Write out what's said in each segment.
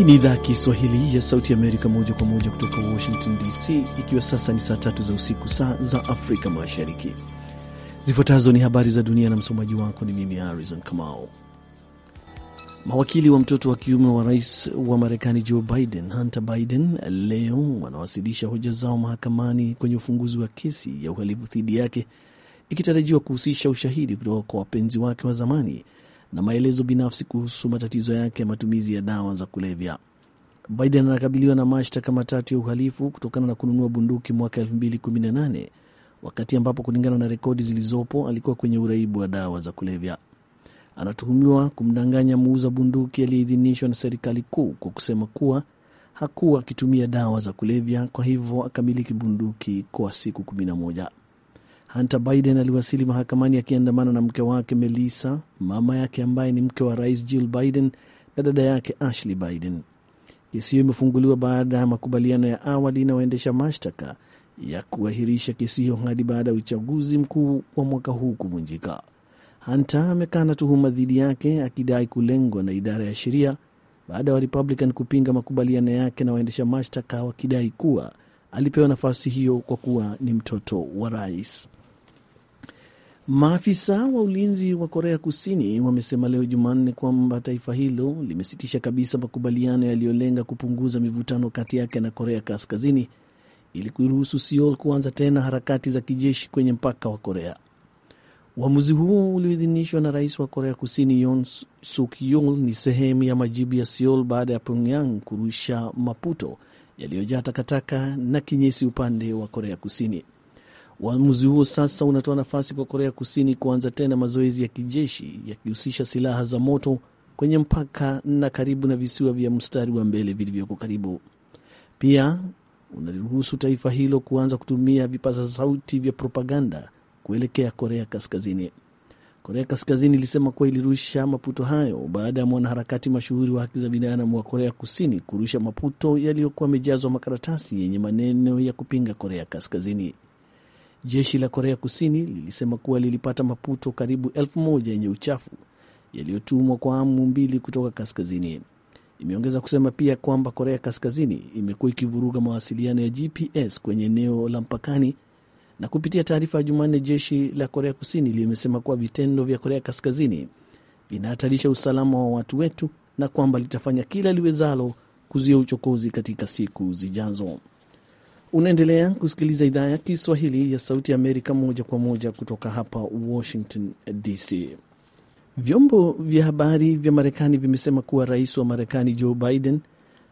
Hii ni idhaa Kiswahili ya Sauti Amerika, moja kwa moja kutoka Washington DC, ikiwa sasa ni saa tatu za usiku, saa za Afrika Mashariki. Zifuatazo ni habari za dunia na msomaji wako ni mimi Harrison Kamau. Mawakili wa mtoto wa kiume wa rais wa Marekani Joe Biden, Hunter Biden, leo wanawasilisha hoja zao mahakamani kwenye ufunguzi wa kesi ya uhalifu dhidi yake ikitarajiwa kuhusisha ushahidi kutoka kwa wapenzi wake wa zamani na maelezo binafsi kuhusu matatizo yake ya matumizi ya dawa za kulevya. Biden anakabiliwa na mashtaka matatu ya uhalifu kutokana na kununua bunduki mwaka 2018 wakati ambapo kulingana na rekodi zilizopo alikuwa kwenye uraibu wa dawa za kulevya. Anatuhumiwa kumdanganya muuza bunduki aliyeidhinishwa na serikali kuu kwa kusema kuwa hakuwa akitumia dawa za kulevya, kwa hivyo akamiliki bunduki kwa siku 11. Hunter Biden aliwasili mahakamani akiandamana na mke wake Melissa, mama yake ambaye ni mke wa rais Jill Biden na dada yake Ashley Biden. Kesi hiyo imefunguliwa baada ya makubaliano ya awali na waendesha mashtaka ya kuahirisha kesi hiyo hadi baada ya uchaguzi mkuu wa mwaka huu kuvunjika. Hunter na tuhuma dhidi yake akidai kulengwa na idara ya sheria baada ya wa Republican kupinga makubaliano yake na waendesha mashtaka wakidai kuwa alipewa nafasi hiyo kwa kuwa ni mtoto wa rais. Maafisa wa ulinzi wa Korea Kusini wamesema leo Jumanne kwamba taifa hilo limesitisha kabisa makubaliano yaliyolenga kupunguza mivutano kati yake na Korea Kaskazini ili kuruhusu Seoul kuanza tena harakati za kijeshi kwenye mpaka wa Korea. Uamuzi huo ulioidhinishwa na rais wa Korea Kusini Yoon Suk Yeol ni sehemu ya majibu ya Seoul baada ya Pyongyang kurusha maputo yaliyojaa takataka na kinyesi upande wa Korea Kusini. Uamuzi huo sasa unatoa nafasi kwa Korea Kusini kuanza tena mazoezi ya kijeshi yakihusisha silaha za moto kwenye mpaka na karibu na visiwa vya mstari wa mbele vilivyoko karibu. Pia unaruhusu taifa hilo kuanza kutumia vipaza sauti vya propaganda kuelekea Korea Kaskazini. Korea Kaskazini ilisema kuwa ilirusha maputo hayo baada ya mwanaharakati mashuhuri wa haki za binadamu wa Korea Kusini kurusha maputo yaliyokuwa amejazwa makaratasi yenye maneno ya kupinga Korea Kaskazini. Jeshi la Korea Kusini lilisema kuwa lilipata maputo karibu elfu moja yenye uchafu yaliyotumwa kwa amu mbili kutoka kaskazini. Imeongeza kusema pia kwamba Korea Kaskazini imekuwa ikivuruga mawasiliano ya GPS kwenye eneo la mpakani. Na kupitia taarifa ya Jumanne, jeshi la Korea Kusini limesema kuwa vitendo vya Korea Kaskazini vinahatarisha usalama wa watu wetu na kwamba litafanya kila liwezalo kuzuia uchokozi katika siku zijazo. Unaendelea kusikiliza idhaa ya Kiswahili ya Sauti ya Amerika moja kwa moja kutoka hapa Washington DC. Vyombo vya habari vya Marekani vimesema kuwa rais wa Marekani Joe Biden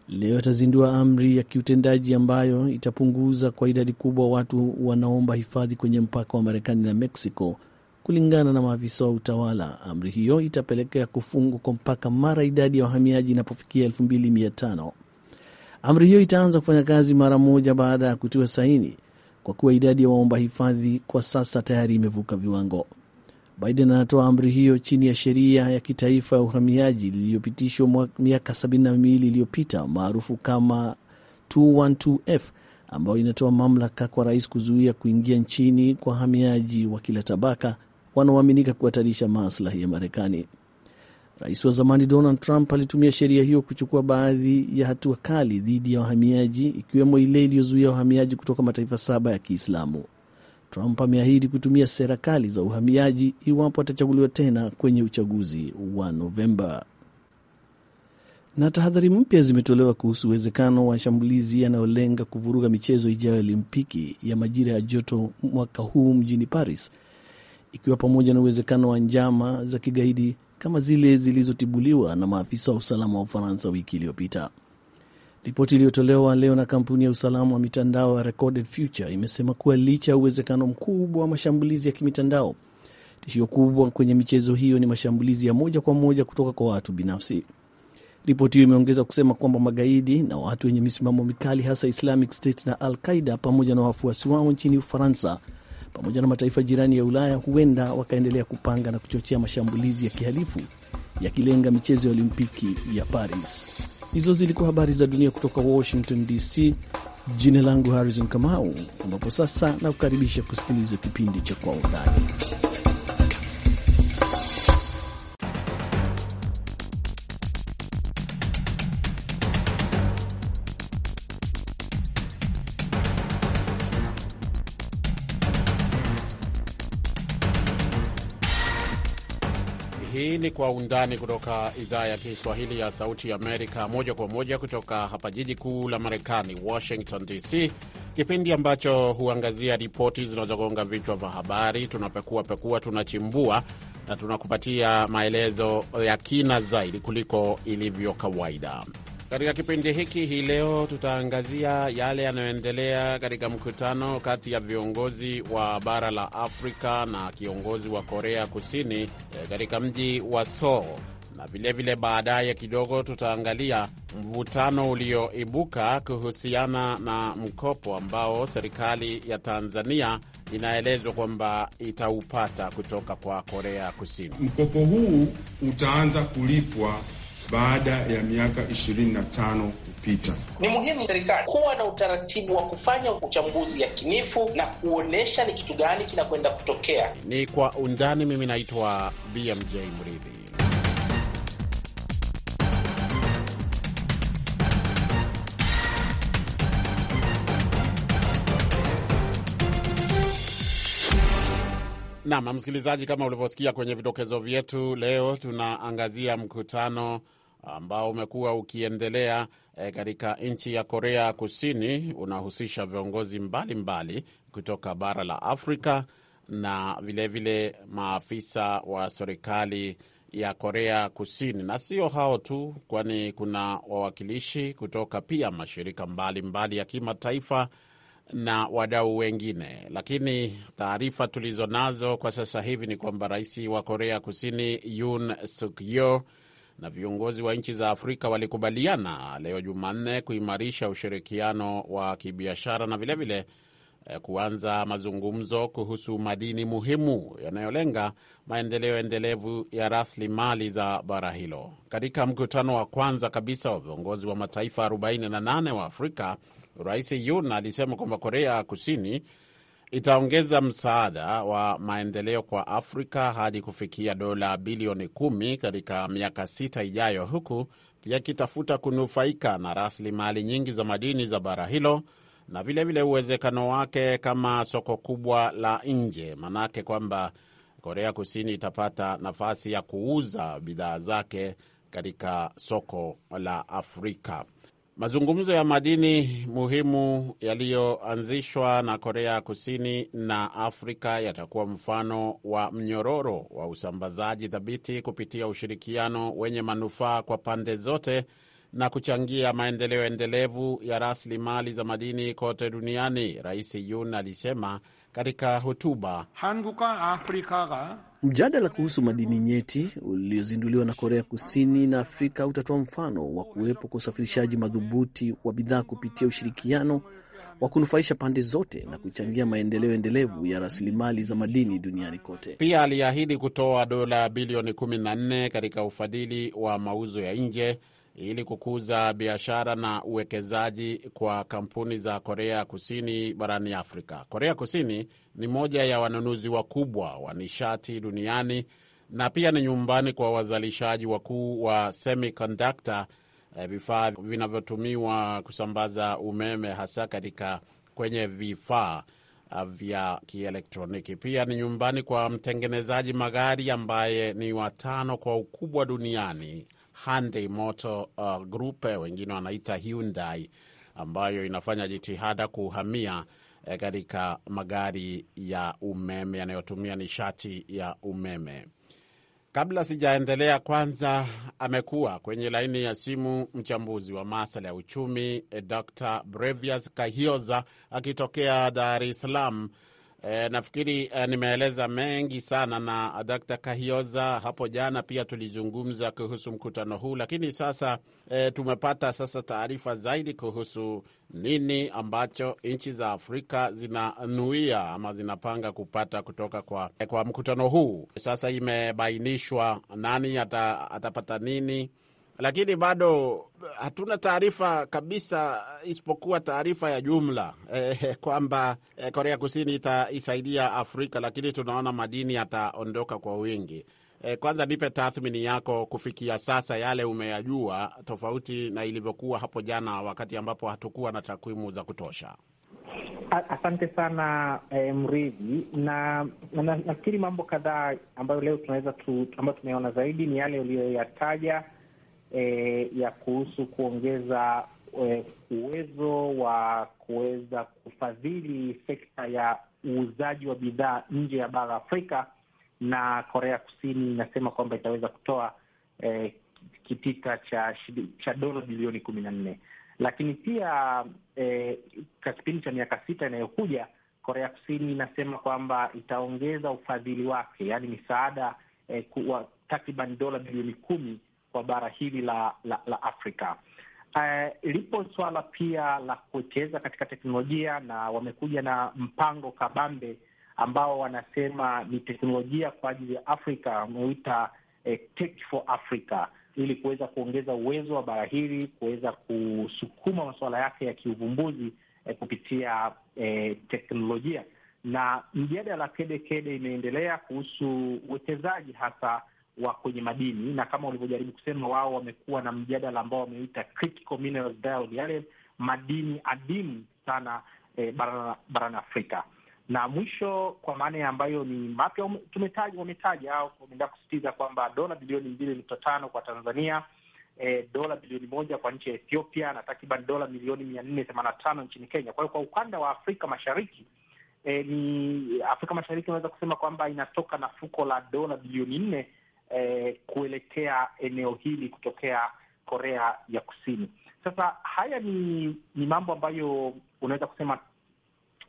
leo atazindua amri ya kiutendaji ambayo itapunguza kwa idadi kubwa watu wanaomba hifadhi kwenye mpaka wa Marekani na Mexico. Kulingana na maafisa wa utawala, amri hiyo itapelekea kufungwa kwa mpaka mara idadi ya wahamiaji inapofikia 2500 Amri hiyo itaanza kufanya kazi mara moja baada ya kutiwa saini, kwa kuwa idadi ya waomba hifadhi kwa sasa tayari imevuka viwango. Biden anatoa amri hiyo chini ya sheria ya kitaifa ya uhamiaji iliyopitishwa miaka 72 iliyopita maarufu kama 212F ambayo inatoa mamlaka kwa rais kuzuia kuingia nchini kwa wahamiaji wa kila tabaka wanaoaminika kuhatarisha maslahi ya Marekani. Rais wa zamani Donald Trump alitumia sheria hiyo kuchukua baadhi ya hatua kali dhidi ya wahamiaji, ikiwemo ile iliyozuia wahamiaji kutoka mataifa saba ya Kiislamu. Trump ameahidi kutumia sera kali za uhamiaji iwapo atachaguliwa tena kwenye uchaguzi wa Novemba. Na tahadhari mpya zimetolewa kuhusu uwezekano wa shambulizi yanayolenga kuvuruga michezo ijayo ya Olimpiki ya majira ya joto mwaka huu mjini Paris, ikiwa pamoja na uwezekano wa njama za kigaidi kama zile zilizotibuliwa na maafisa wa usalama wa Ufaransa wiki iliyopita. Ripoti iliyotolewa leo na kampuni ya usalama wa mitandao ya Recorded Future imesema kuwa licha ya uwezekano mkubwa wa mashambulizi ya kimitandao, tishio kubwa kwenye michezo hiyo ni mashambulizi ya moja kwa moja kutoka kwa watu binafsi. Ripoti hiyo imeongeza kusema kwamba magaidi na watu wenye misimamo mikali hasa Islamic State na Al Qaida pamoja na wafuasi wao nchini Ufaransa pamoja na mataifa jirani ya Ulaya huenda wakaendelea kupanga na kuchochea mashambulizi ya kihalifu yakilenga michezo ya Olimpiki ya Paris. Hizo zilikuwa habari za dunia kutoka Washington DC. Jina langu Harrison Kamau, ambapo sasa nakukaribisha kusikiliza kipindi cha Kwa Undani. ni Kwa Undani kutoka idhaa ya Kiswahili ya Sauti ya Amerika, moja kwa moja kutoka hapa jiji kuu la Marekani, Washington DC, kipindi ambacho huangazia ripoti zinazogonga vichwa vya habari. Tunapekua pekua, tunachimbua na tunakupatia maelezo ya kina zaidi kuliko ilivyo kawaida. Katika kipindi hiki hii leo tutaangazia yale yanayoendelea katika mkutano kati ya viongozi wa bara la Afrika na kiongozi wa Korea Kusini eh, katika mji wa Seoul, na vilevile baadaye kidogo tutaangalia mvutano ulioibuka kuhusiana na mkopo ambao serikali ya Tanzania inaelezwa kwamba itaupata kutoka kwa Korea Kusini. Mkopo huu utaanza kulipwa baada ya miaka 25 kupita. Ni muhimu serikali kuwa na utaratibu wa kufanya uchambuzi yakinifu na kuonyesha ni kitu gani kinakwenda kutokea. Ni kwa undani. Mimi naitwa BMJ Mridhi. Nam msikilizaji, kama ulivyosikia kwenye vidokezo vyetu, leo tunaangazia mkutano ambao umekuwa ukiendelea e, katika nchi ya Korea Kusini unahusisha viongozi mbalimbali mbali kutoka bara la Afrika na vilevile vile maafisa wa serikali ya Korea Kusini, na sio hao tu, kwani kuna wawakilishi kutoka pia mashirika mbalimbali mbali ya kimataifa na wadau wengine. Lakini taarifa tulizo nazo kwa sasa hivi ni kwamba rais wa Korea Kusini Yoon Suk Yeol na viongozi wa nchi za Afrika walikubaliana leo Jumanne kuimarisha ushirikiano wa kibiashara na vilevile vile eh, kuanza mazungumzo kuhusu madini muhimu yanayolenga maendeleo endelevu ya rasilimali za bara hilo. Katika mkutano wa kwanza kabisa wa viongozi wa mataifa 48 wa Afrika, Rais Yun alisema kwamba Korea Kusini itaongeza msaada wa maendeleo kwa Afrika hadi kufikia dola bilioni kumi katika miaka sita ijayo, huku pia ikitafuta kunufaika na rasilimali nyingi za madini za bara hilo na vilevile uwezekano wake kama soko kubwa la nje, manake kwamba Korea Kusini itapata nafasi ya kuuza bidhaa zake katika soko la Afrika. Mazungumzo ya madini muhimu yaliyoanzishwa na Korea Kusini na Afrika yatakuwa mfano wa mnyororo wa usambazaji thabiti kupitia ushirikiano wenye manufaa kwa pande zote na kuchangia maendeleo endelevu ya rasilimali za madini kote duniani, Rais Yun alisema katika hotuba Mjadala kuhusu madini nyeti uliozinduliwa na Korea Kusini na Afrika utatoa mfano wa kuwepo kwa usafirishaji madhubuti wa bidhaa kupitia ushirikiano wa kunufaisha pande zote na kuchangia maendeleo endelevu ya rasilimali za madini duniani kote. Pia aliahidi kutoa dola bilioni 14 katika ufadhili wa mauzo ya nje ili kukuza biashara na uwekezaji kwa kampuni za Korea Kusini barani Afrika. Korea Kusini ni moja ya wanunuzi wakubwa wa nishati duniani na pia ni nyumbani kwa wazalishaji wakuu wa semiconductor, eh, vifaa vinavyotumiwa kusambaza umeme hasa katika kwenye vifaa ah, vya kielektroniki. Pia ni nyumbani kwa mtengenezaji magari ambaye ni watano kwa ukubwa duniani Hyundai Motor uh, Group, wengine wanaita Hyundai, ambayo inafanya jitihada kuhamia eh, katika magari ya umeme yanayotumia nishati ya umeme. Kabla sijaendelea, kwanza amekuwa kwenye laini ya simu mchambuzi wa masuala ya uchumi eh, Dr. Brevias Kahioza akitokea Dar es Salaam E, nafikiri e, nimeeleza mengi sana na Dr. Kahioza hapo jana pia tulizungumza kuhusu mkutano huu, lakini sasa e, tumepata sasa taarifa zaidi kuhusu nini ambacho nchi za Afrika zinanuia ama zinapanga kupata kutoka kwa, kwa mkutano huu. Sasa imebainishwa nani ata, atapata nini lakini bado hatuna taarifa kabisa isipokuwa taarifa ya jumla eh, kwamba eh, Korea Kusini itaisaidia Afrika, lakini tunaona madini yataondoka kwa wingi. Eh, kwanza nipe tathmini yako kufikia sasa, yale umeyajua, tofauti na ilivyokuwa hapo jana wakati ambapo hatukuwa na takwimu za kutosha. Asante sana eh, Mridhi, na nafikiri na, mambo kadhaa ambayo leo tunaweza tu, ambayo tumeona zaidi ni yale uliyoyataja e, ya kuhusu kuongeza e, uwezo wa kuweza kufadhili sekta ya uuzaji wa bidhaa nje ya bara Afrika, na Korea Kusini inasema kwamba itaweza kutoa e, kitita cha cha dola bilioni kumi na nne lakini pia e, kwa kipindi cha miaka sita inayokuja Korea Kusini inasema kwamba itaongeza ufadhili wake, yaani misaada e, takriban dola bilioni kumi kwa bara hili la, la, la Afrika. Uh, lipo swala pia la kuwekeza katika teknolojia na wamekuja na mpango kabambe ambao wanasema ni teknolojia kwa ajili ya Afrika, wameuita eh, Tech for Africa ili kuweza kuongeza uwezo wa bara hili kuweza kusukuma masuala yake ya kiuvumbuzi eh, kupitia eh, teknolojia. Na mjadala kedekede imeendelea kuhusu uwekezaji hasa wa kwenye madini, na kama walivyojaribu kusema, wao wamekuwa na mjadala ambao wameita critical minerals yale madini adimu sana e, barani barani Afrika. Na mwisho kwa maana ambayo ni mapya wametaja au wameendelea kusisitiza kwamba dola bilioni mbili nukta tano kwa Tanzania E, dola bilioni moja kwa nchi ya Ethiopia na takriban dola milioni mia nne themanini na tano nchini Kenya. Kwa hiyo kwa ukanda wa Afrika Mashariki e, ni Afrika Mashariki inaweza kusema kwamba inatoka na fuko la dola bilioni nne eh, kuelekea eneo hili kutokea Korea ya Kusini. Sasa haya ni ni mambo ambayo unaweza kusema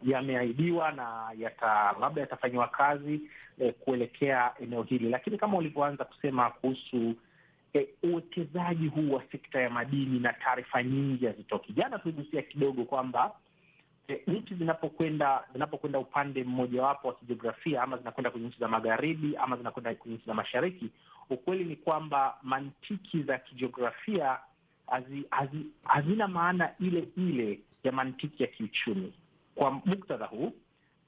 yameahidiwa na yata, labda yatafanyiwa kazi eh, kuelekea eneo hili, lakini kama ulivyoanza kusema kuhusu eh, uwekezaji huu wa sekta ya madini na taarifa nyingi hazitoki. Jana tuligusia kidogo kwamba e, nchi zinapokwenda zinapokwenda upande mmojawapo wa kijiografia, ama zinakwenda kwenye nchi za magharibi ama zinakwenda kwenye nchi za mashariki, ukweli ni kwamba mantiki za kijiografia hazina maana ile ile ya mantiki ya kiuchumi. Kwa muktadha huu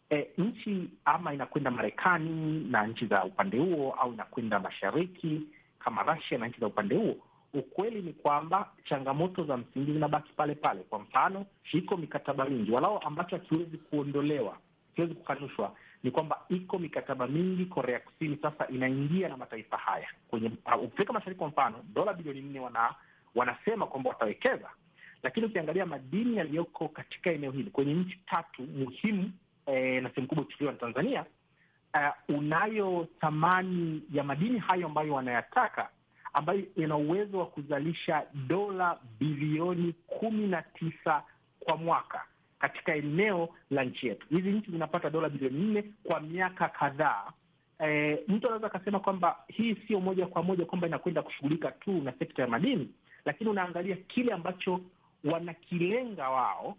e, nchi ama inakwenda Marekani na nchi za upande huo au inakwenda mashariki kama Russia na nchi za upande huo ukweli ni kwamba changamoto za msingi zinabaki pale pale. Kwa mfano, iko mikataba mingi, walao ambacho hakiwezi kuondolewa, hakiwezi kukanushwa ni kwamba iko mikataba mingi Korea Kusini sasa inaingia na mataifa haya kwenye uh, Afrika Mashariki. Kwa mfano, dola bilioni nne wana, wanasema kwamba watawekeza, lakini ukiangalia madini yaliyoko katika eneo hili kwenye nchi tatu muhimu eh, na sehemu kubwa ichukuliwa na Tanzania, uh, unayo thamani ya madini hayo ambayo wanayataka ambayo ina uwezo wa kuzalisha dola bilioni kumi na tisa kwa mwaka katika eneo la nchi yetu. Hizi nchi zinapata dola bilioni nne kwa miaka kadhaa. E, mtu anaweza akasema kwamba hii sio moja kwa moja kwamba inakwenda kushughulika tu na sekta ya madini, lakini unaangalia kile ambacho wanakilenga wao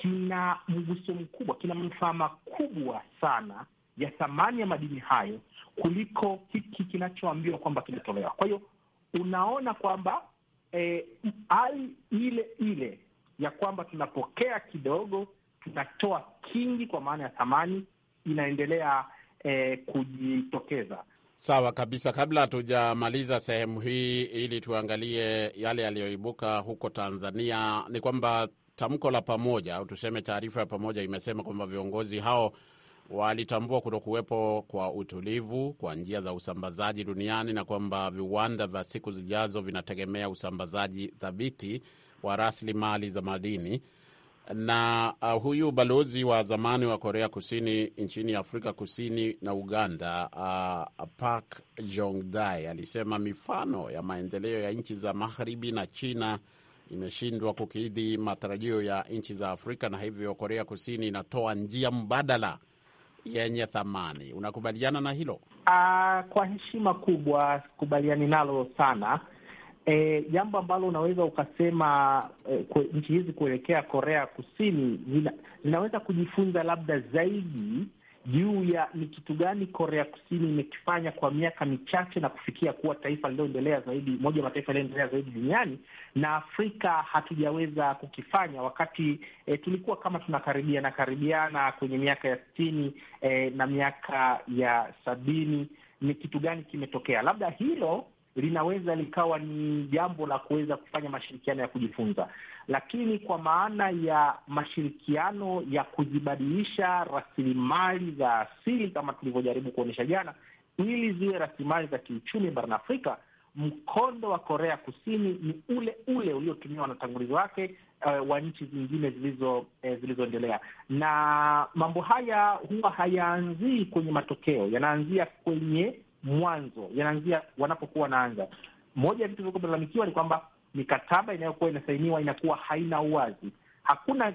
kina mguso mkubwa, kina manufaa makubwa sana ya thamani ya madini hayo kuliko hiki kinachoambiwa kwamba kinatolewa. Kwa hiyo unaona kwamba eh, hali eh, ile ile ya kwamba tunapokea kidogo, tunatoa kingi, kwa maana ya thamani inaendelea eh, kujitokeza. Sawa kabisa. Kabla hatujamaliza sehemu hii, ili tuangalie yale yaliyoibuka huko Tanzania, ni kwamba tamko la pamoja au tuseme taarifa ya pamoja imesema kwamba viongozi hao walitambua kutokuwepo kwa utulivu kwa njia za usambazaji duniani na kwamba viwanda vya siku zijazo vinategemea usambazaji thabiti wa rasilimali za madini. Na uh, huyu balozi wa zamani wa Korea Kusini nchini Afrika Kusini na Uganda, uh, Park jongdai alisema mifano ya maendeleo ya nchi za magharibi na China imeshindwa kukidhi matarajio ya nchi za Afrika na hivyo Korea Kusini inatoa njia mbadala yenye thamani. Unakubaliana na hilo? Uh, kwa heshima kubwa sikubaliani nalo sana. E, jambo ambalo unaweza ukasema e, nchi hizi kuelekea Korea Kusini zinaweza kujifunza labda zaidi juu ya ni kitu gani Korea Kusini imekifanya kwa miaka michache na kufikia kuwa taifa lililoendelea zaidi, moja mataifa yaliyoendelea zaidi duniani, na Afrika hatujaweza kukifanya, wakati e, tulikuwa kama na karibiana kwenye miaka ya sitini e, na miaka ya sabini. Ni kitu gani kimetokea? Labda hilo linaweza likawa ni jambo la kuweza kufanya mashirikiano ya kujifunza, lakini kwa maana ya mashirikiano ya kujibadilisha rasilimali za asili kama tulivyojaribu kuonyesha jana, ili ziwe rasilimali za kiuchumi barani Afrika, mkondo wa Korea Kusini ni ule ule uliotumiwa na utangulizi wake uh, wa nchi zingine zilizo eh, zilizoendelea. Na mambo haya huwa hayaanzii kwenye matokeo, yanaanzia kwenye mwanzo, yanaanzia wanapokuwa naanza. Moja ya vitu vilivyolalamikiwa ni kwamba mikataba inayokuwa inasainiwa inakuwa haina uwazi. Hakuna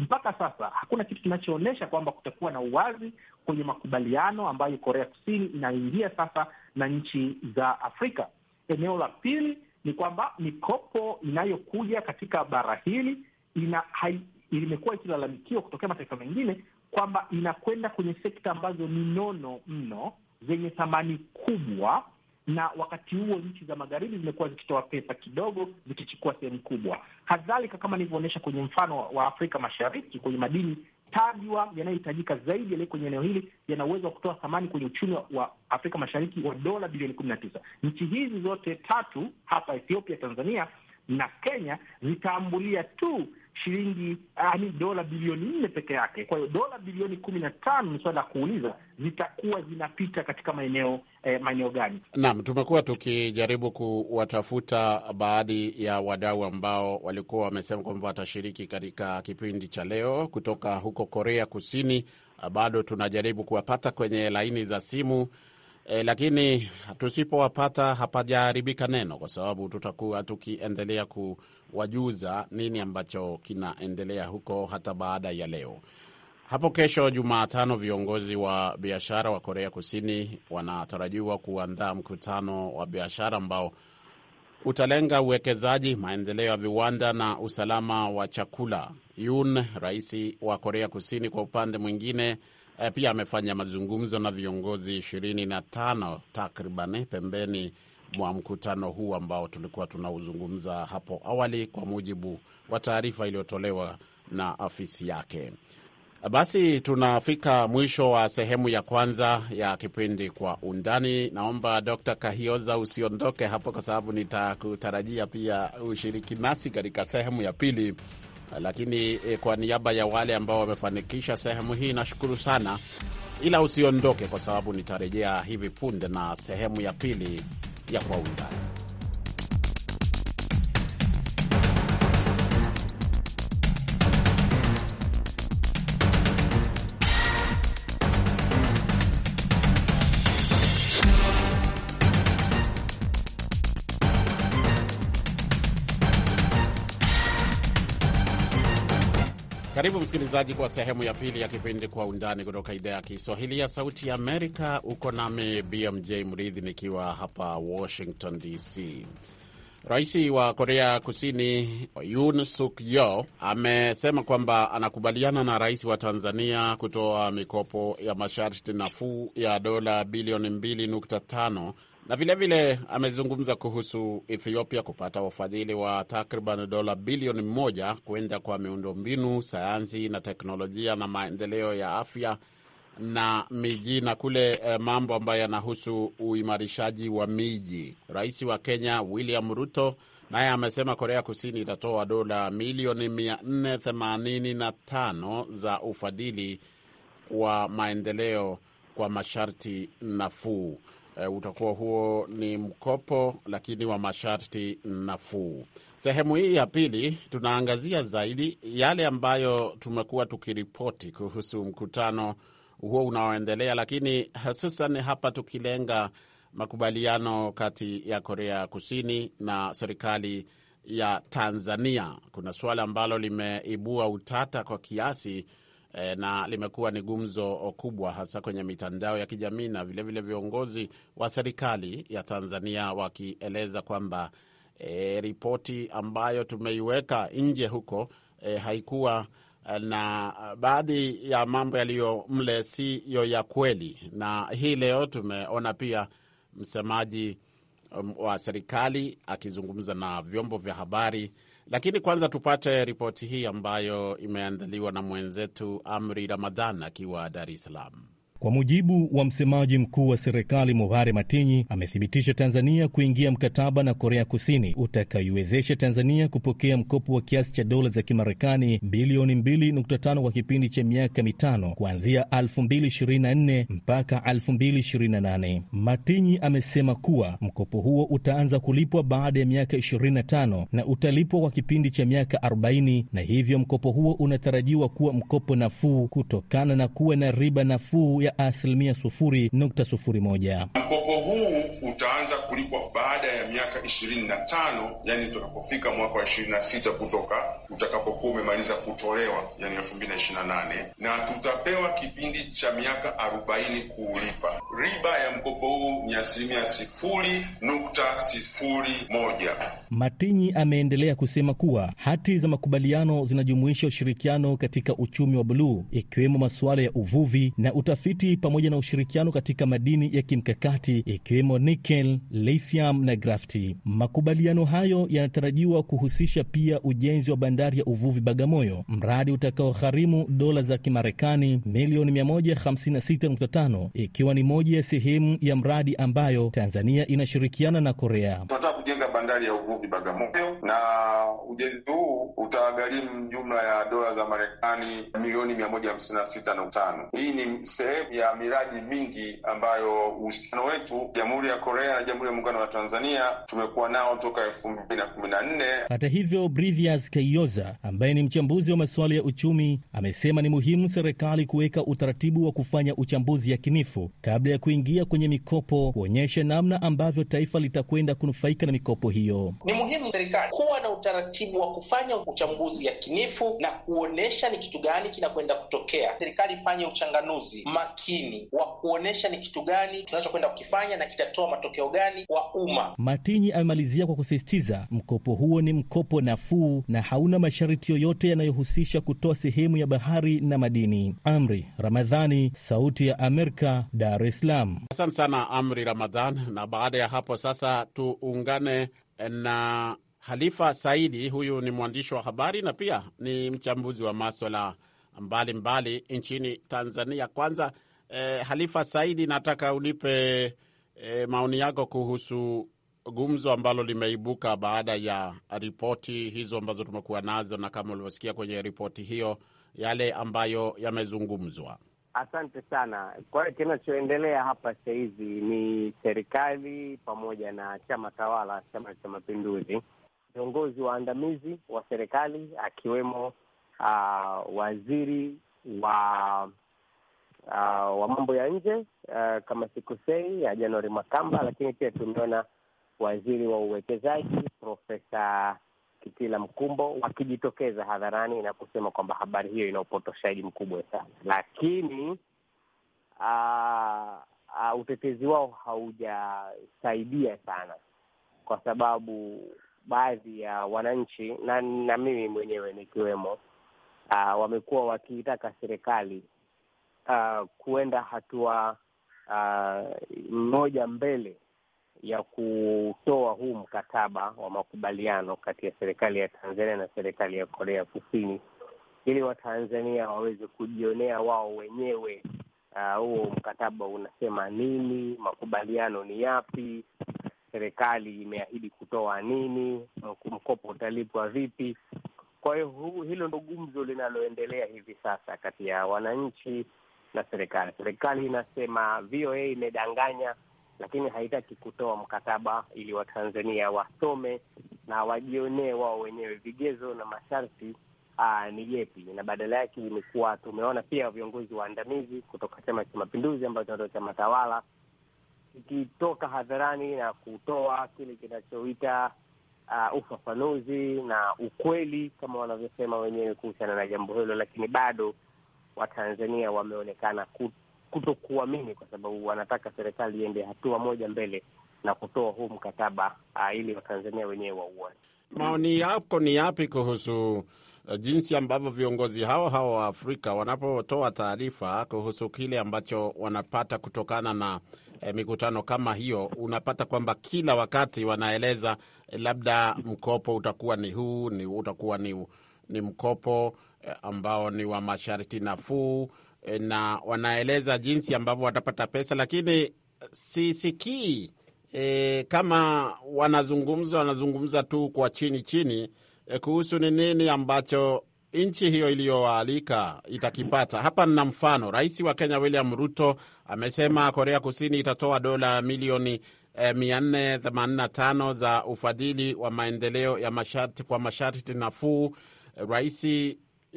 mpaka sasa, hakuna kitu kinachoonyesha kwamba kutakuwa na uwazi kwenye makubaliano ambayo Korea Kusini inaingia sasa na nchi za Afrika. Eneo la pili ni kwamba mikopo inayokuja katika bara hili ina imekuwa ikilalamikiwa kutokea mataifa mengine kwamba inakwenda kwenye sekta ambazo ni nono mno, zenye thamani kubwa, na wakati huo nchi za magharibi zimekuwa zikitoa pesa kidogo, zikichukua sehemu kubwa. Kadhalika, kama nilivyoonyesha kwenye mfano wa Afrika Mashariki kwenye madini tajwa yanayohitajika zaidi yaliyo kwenye eneo hili yana uwezo wa kutoa thamani kwenye uchumi wa Afrika Mashariki wa dola bilioni kumi na tisa. Nchi hizi zote tatu hapa Ethiopia, Tanzania na Kenya zitaambulia tu shilingi yaani dola bilioni nne peke yake. Kwa hiyo dola bilioni kumi na tano ni swala la kuuliza zitakuwa zinapita katika maeneo eh, maeneo gani? Naam, tumekuwa tukijaribu kuwatafuta baadhi ya wadau ambao walikuwa wamesema kwamba watashiriki katika kipindi cha leo kutoka huko Korea Kusini. Bado tunajaribu kuwapata kwenye laini za simu E, lakini tusipowapata hapajaharibika neno, kwa sababu tutakuwa tukiendelea kuwajuza nini ambacho kinaendelea huko hata baada ya leo. Hapo kesho Jumatano, viongozi wa biashara wa Korea Kusini wanatarajiwa kuandaa mkutano wa biashara ambao utalenga uwekezaji, maendeleo ya viwanda na usalama wa chakula. yun rais wa Korea Kusini, kwa upande mwingine Eh, pia amefanya mazungumzo na viongozi ishirini na tano takriban eh, pembeni mwa mkutano huu ambao tulikuwa tunauzungumza hapo awali, kwa mujibu wa taarifa iliyotolewa na afisi yake. Basi tunafika mwisho wa sehemu ya kwanza ya kipindi Kwa Undani. Naomba Dr Kahioza usiondoke hapo, kwa sababu nitakutarajia pia ushiriki nasi katika sehemu ya pili lakini eh, kwa niaba ya wale ambao wamefanikisha sehemu hii nashukuru sana, ila usiondoke, kwa sababu nitarejea hivi punde na sehemu ya pili ya Kwa Undani. Karibu msikilizaji, kwa sehemu ya pili ya kipindi Kwa Undani kutoka idhaa ya Kiswahili ya Sauti ya Amerika. Uko nami BMJ Mridhi nikiwa hapa Washington DC. Rais wa Korea Kusini Yoon Suk Yeol amesema kwamba anakubaliana na rais wa Tanzania kutoa mikopo ya masharti nafuu ya dola bilioni 2.5 na vilevile vile, amezungumza kuhusu Ethiopia kupata wafadhili wa takriban dola bilioni moja kuenda kwa miundombinu, sayansi na teknolojia na maendeleo ya afya na miji na kule eh, mambo ambayo yanahusu uimarishaji wa miji. Rais wa Kenya William Ruto naye amesema Korea Kusini itatoa dola milioni 485 za ufadhili wa maendeleo kwa masharti nafuu uh, utakuwa huo ni mkopo lakini wa masharti nafuu. Sehemu hii ya pili tunaangazia zaidi yale ambayo tumekuwa tukiripoti kuhusu mkutano huo unaoendelea, lakini hususan hapa tukilenga makubaliano kati ya Korea Kusini na serikali ya Tanzania. Kuna suala ambalo limeibua utata kwa kiasi Eh, na limekuwa ni gumzo kubwa hasa kwenye mitandao ya kijamii na vilevile viongozi wa serikali ya Tanzania wakieleza kwamba e, ripoti ambayo tumeiweka nje huko e, haikuwa na baadhi ya mambo yaliyo mle siyo ya kweli. Na hii leo tumeona pia msemaji um, wa serikali akizungumza na vyombo vya habari lakini kwanza tupate ripoti hii ambayo imeandaliwa na mwenzetu Amri Ramadhan akiwa Dar es Salaam. Kwa mujibu wa msemaji mkuu wa serikali Mobhare Matinyi, amethibitisha Tanzania kuingia mkataba na Korea Kusini utakaiwezesha Tanzania kupokea mkopo wa kiasi cha dola za Kimarekani bilioni 2.5 kwa kipindi cha miaka mitano kuanzia 2024 mpaka 2028. Matinyi amesema kuwa mkopo huo utaanza kulipwa baada ya miaka 25 na utalipwa kwa kipindi cha miaka 40, na hivyo mkopo huo unatarajiwa kuwa mkopo nafuu kutokana na kuwa na riba nafuu ya nukta sufuri moja. Mkopo huu utaanza kulipwa baada ya miaka ishirini na tano yani tunapofika mwaka wa 26 kutoka utakapokuwa umemaliza kutolewa, yani mbili na tutapewa kipindi cha miaka arobaini kuulipa. Riba ya mkopo huu ni asilimia moja. Matinyi ameendelea kusema kuwa hati za makubaliano zinajumuisha ushirikiano katika uchumi wa buluu ikiwemo masuala ya uvuvi na utafiti utafiti pamoja na ushirikiano katika madini ya kimkakati ikiwemo nikel, lithium na grafiti. Makubaliano hayo yanatarajiwa kuhusisha pia ujenzi wa bandari ya uvuvi Bagamoyo, mradi utakaogharimu dola za Kimarekani milioni 156.5 ikiwa ni moja ya sehemu ya mradi ambayo Tanzania inashirikiana na Korea. Tunataka kujenga bandari ya uvuvi Bagamoyo na ujenzi huu utagharimu jumla ya dola za Marekani milioni 156.5. Hii ni sehemu ya miradi mingi ambayo uhusiano wetu Jamhuri ya Korea na Jamhuri ya Muungano wa Tanzania tumekuwa nao toka elfu mbili na kumi na nne. Hata hivyo, Brithias Keioza ambaye ni mchambuzi wa masuala ya uchumi amesema ni muhimu serikali kuweka utaratibu wa kufanya uchambuzi yakinifu kabla ya kuingia kwenye mikopo, kuonyesha namna ambavyo taifa litakwenda kunufaika na mikopo hiyo. Ni muhimu serikali kuwa na utaratibu wa kufanya uchambuzi yakinifu na kuonyesha ni kitu gani kinakwenda kutokea. Serikali ifanye uchanganuzi Ma makini wa kuonyesha ni kitu gani tunachokwenda kukifanya na kitatoa matokeo gani kwa umma. Matinyi amemalizia kwa kusisitiza mkopo huo ni mkopo nafuu na hauna masharti yoyote yanayohusisha kutoa sehemu ya bahari na madini. Amri Ramadhani, Sauti ya Amerika, Dar es Salaam. Asante sana Amri Ramadhan. Na baada ya hapo sasa tuungane na Halifa Saidi. Huyu ni mwandishi wa habari na pia ni mchambuzi wa maswala mbalimbali nchini Tanzania. Kwanza eh, Halifa Saidi, nataka unipe eh, maoni yako kuhusu gumzo ambalo limeibuka baada ya ripoti hizo ambazo tumekuwa nazo, na kama ulivyosikia kwenye ripoti hiyo yale ambayo yamezungumzwa. Asante sana. Kwa hiyo kinachoendelea hapa sasa hizi ni serikali pamoja na chama tawala, Chama cha Mapinduzi, viongozi waandamizi wa serikali akiwemo uh, waziri wa uh, wa mambo ya nje uh, kama sikusei ya januari Makamba, lakini pia tumeona waziri wa uwekezaji Profesa Kitila Mkumbo wakijitokeza hadharani na kusema kwamba habari hiyo ina upotoshaji mkubwa sana, lakini uh, uh, utetezi wao haujasaidia sana, kwa sababu baadhi ya wananchi na, na mimi mwenyewe nikiwemo, uh, wamekuwa wakiitaka serikali uh, kuenda hatua uh, moja mbele ya kutoa huu mkataba wa makubaliano kati ya serikali ya Tanzania na serikali ya Korea Kusini ili Watanzania waweze kujionea wao wenyewe uh, huo uh, mkataba unasema nini, makubaliano ni yapi, serikali imeahidi kutoa nini, mkopo utalipwa vipi. Kwa hiyo hilo ndo gumzo linaloendelea hivi sasa kati ya wananchi na serikali. Serikali inasema VOA imedanganya, lakini haitaki kutoa mkataba ili Watanzania wasome na wajionee wao wenyewe vigezo na masharti Aa, ah, ni yepi na badala yake imekuwa tumeona pia viongozi waandamizi kutoka Chama cha Mapinduzi ambacho ndio chama tawala ikitoka hadharani na kutoa kile kinachoita uh, ufafanuzi na ukweli kama wanavyosema wenyewe kuhusiana na jambo hilo, lakini bado Watanzania wameonekana kutokuamini, kwa sababu wanataka serikali iende hatua moja mbele na kutoa huu mkataba uh, ili Watanzania wenyewe wauone. Maoni yako ni yapi kuhusu eh, jinsi ambavyo viongozi hao hao wa Afrika wanapotoa taarifa kuhusu kile ambacho wanapata kutokana na eh, mikutano kama hiyo. Unapata kwamba kila wakati wanaeleza eh, labda mkopo utakuwa ni huu ni utakuwa ni, ni mkopo Eh, ambao ni wa masharti nafuu eh, na wanaeleza jinsi ambavyo watapata pesa, lakini sisikii e, kama wanazungumza wanazungumza tu kwa chini chini e, kuhusu ni nini ambacho nchi hiyo iliyowaalika itakipata. Hapa nina mfano, rais wa Kenya William Ruto amesema Korea Kusini itatoa dola milioni 485 za ufadhili wa maendeleo ya masharti kwa masharti nafuu. Rais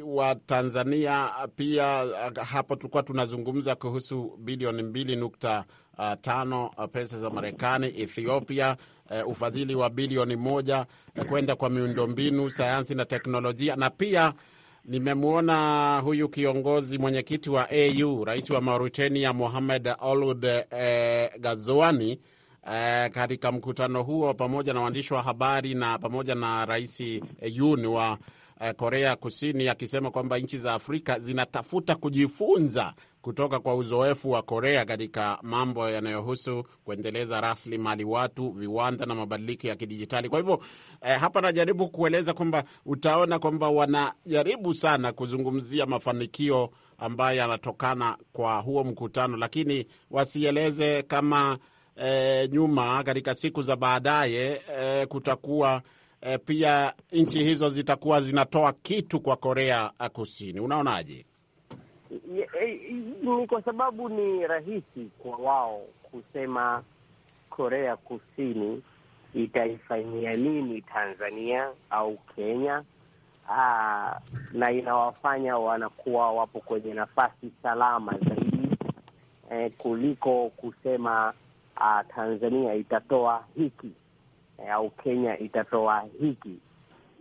wa Tanzania pia uh, hapo tulikuwa tunazungumza kuhusu bilioni mbili nukta uh, tano uh, pesa za Marekani. Ethiopia uh, ufadhili wa bilioni moja uh, kwenda kwa miundombinu, sayansi na teknolojia. Na pia nimemwona huyu kiongozi mwenyekiti wa AU rais wa Mauritania Mohamed Ould uh, Ghazouani uh, katika mkutano huo pamoja na waandishi wa habari na pamoja na rais uh, Yun wa Eh, Korea Kusini akisema kwamba nchi za Afrika zinatafuta kujifunza kutoka kwa uzoefu wa Korea katika mambo yanayohusu kuendeleza rasilimali watu, viwanda na mabadiliko ya kidijitali. Kwa hivyo eh, hapa najaribu kueleza kwamba utaona kwamba wanajaribu sana kuzungumzia mafanikio ambayo yanatokana kwa huo mkutano, lakini wasieleze kama eh, nyuma katika siku za baadaye eh, kutakuwa e, pia nchi hizo zitakuwa zinatoa kitu kwa Korea Kusini. Unaonaje? Eh, ni kwa sababu ni rahisi kwa wao kusema Korea Kusini itaifanyia nini Tanzania au Kenya? Aa, ah, na inawafanya wanakuwa wapo kwenye nafasi salama zaidi eh, kuliko kusema aa, ah, Tanzania itatoa hiki au Kenya itatoa hiki.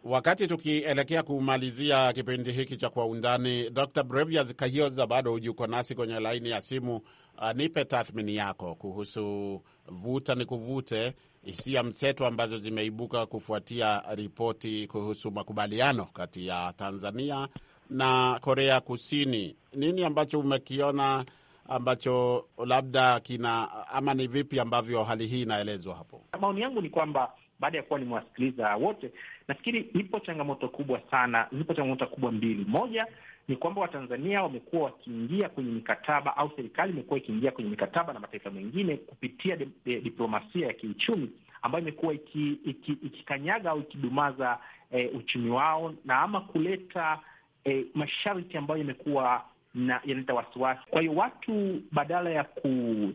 Wakati tukielekea kumalizia kipindi hiki cha Kwa Undani, Dr Brevias Kahioza, bado hujuko nasi kwenye laini ya simu. Uh, nipe tathmini yako kuhusu vuta ni kuvute hisia mseto ambazo zimeibuka kufuatia ripoti kuhusu makubaliano kati ya Tanzania na Korea Kusini. Nini ambacho umekiona ambacho labda kina ama ni vipi ambavyo hali hii inaelezwa hapo? Maoni yangu ni kwamba baada ya kuwa nimewasikiliza wote, nafikiri ipo changamoto kubwa sana. Zipo changamoto kubwa mbili. Moja ni kwamba Watanzania wamekuwa wakiingia kwenye mikataba au serikali imekuwa ikiingia kwenye mikataba na mataifa mengine kupitia di, di, diplomasia ya kiuchumi ambayo imekuwa ikikanyaga iki, iki au ikidumaza e, uchumi wao na ama kuleta e, masharti ambayo yamekuwa na yanaleta wasiwasi. Kwa hiyo watu badala ya ku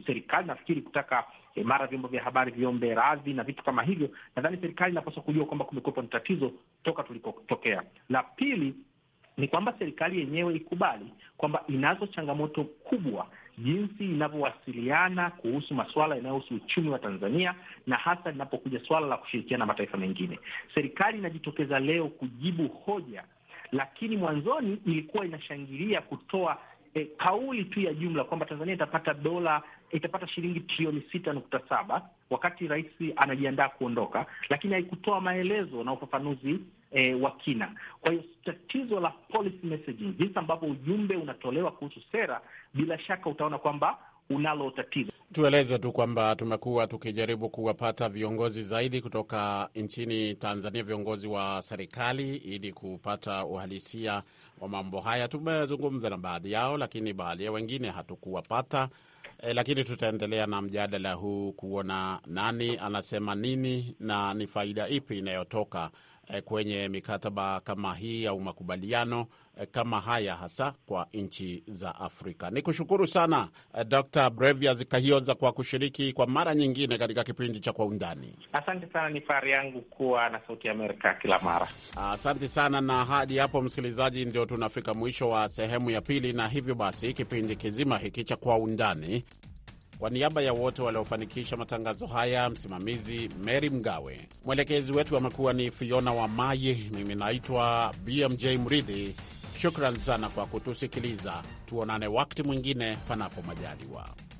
serikali nafikiri kutaka eh, mara vyombo vya habari viombe radhi na vitu kama hivyo, nadhani serikali inapaswa kujua kwamba kumekuwepo na tatizo toka tulikotokea. La pili ni kwamba serikali yenyewe ikubali kwamba inazo changamoto kubwa jinsi inavyowasiliana kuhusu masuala yanayohusu uchumi wa Tanzania na hasa linapokuja suala la kushirikiana na mataifa mengine. Serikali inajitokeza leo kujibu hoja lakini mwanzoni ilikuwa inashangilia kutoa eh, kauli tu ya jumla kwamba Tanzania itapata dola itapata shilingi trilioni sita nukta saba wakati rais anajiandaa kuondoka, lakini haikutoa maelezo na ufafanuzi E, wa kina. Kwa hiyo tatizo la policy messaging, jinsi ambavyo ujumbe unatolewa kuhusu sera, bila shaka utaona kwamba unalo tatizo. Tueleze tu kwamba tumekuwa tukijaribu kuwapata viongozi zaidi kutoka nchini Tanzania, viongozi wa serikali, ili kupata uhalisia wa mambo haya. Tumezungumza na baadhi yao, lakini baadhi ya wengine hatukuwapata. E, lakini tutaendelea na mjadala huu kuona nani anasema nini na ni faida ipi inayotoka Eh, kwenye mikataba kama hii au makubaliano eh, kama haya hasa kwa nchi za Afrika. Ni kushukuru sana eh, Dr. Brevias Kahioza kwa kushiriki kwa mara nyingine katika kipindi cha Kwa Undani. Asante sana, ni fahari yangu kuwa na Sauti Amerika kila mara. Asante sana, na hadi hapo msikilizaji, ndio tunafika mwisho wa sehemu ya pili, na hivyo basi kipindi kizima hiki cha Kwa Undani kwa niaba ya wote waliofanikisha matangazo haya, msimamizi Mary Mgawe, mwelekezi wetu amekuwa ni Fiona wa Mayi, mimi naitwa BMJ Mridhi. Shukran sana kwa kutusikiliza. Tuonane wakati mwingine, panapo majaliwa.